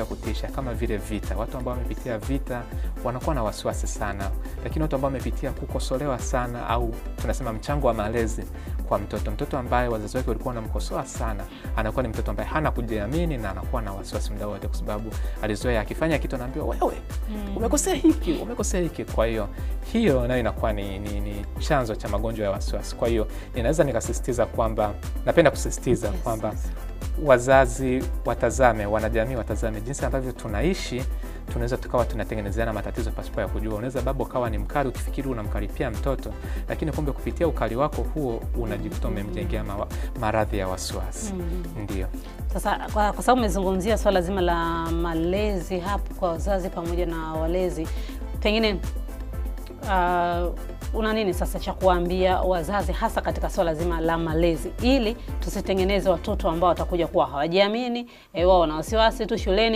matukio ya kutisha kama vile vita. Watu ambao wamepitia vita wanakuwa na wasiwasi sana, lakini watu ambao wamepitia kukosolewa sana, au tunasema mchango wa malezi kwa mtoto, mtoto ambaye wazazi wake walikuwa wanamkosoa sana, anakuwa ni mtoto ambaye hana kujiamini na anakuwa na wasiwasi muda wote, kwa sababu alizoea akifanya kitu anaambiwa wewe, mm, umekosea hiki, umekosea hiki. Kwa hiyo hiyo nayo inakuwa ni, ni, ni chanzo cha magonjwa ya wasiwasi. Kwa hiyo ninaweza nikasisitiza kwamba, napenda kusisitiza yes, kwamba yes wazazi watazame, wanajamii watazame jinsi ambavyo tunaishi tunaweza tukawa tunatengenezeana matatizo pasipo ya kujua. Unaweza baba ukawa ni mkali ukifikiri unamkaripia mtoto, lakini kumbe kupitia ukali wako huo unajikuta umemjengea maradhi ya wasiwasi. mm. Ndio sasa, kwa, kwa sababu umezungumzia swala zima la malezi hapo kwa wazazi pamoja na walezi, pengine uh, una nini sasa cha kuwaambia wazazi hasa katika swala zima la malezi, ili tusitengeneze watoto ambao watakuja kuwa hawajiamini, eh, wao wana wasiwasi tu shuleni.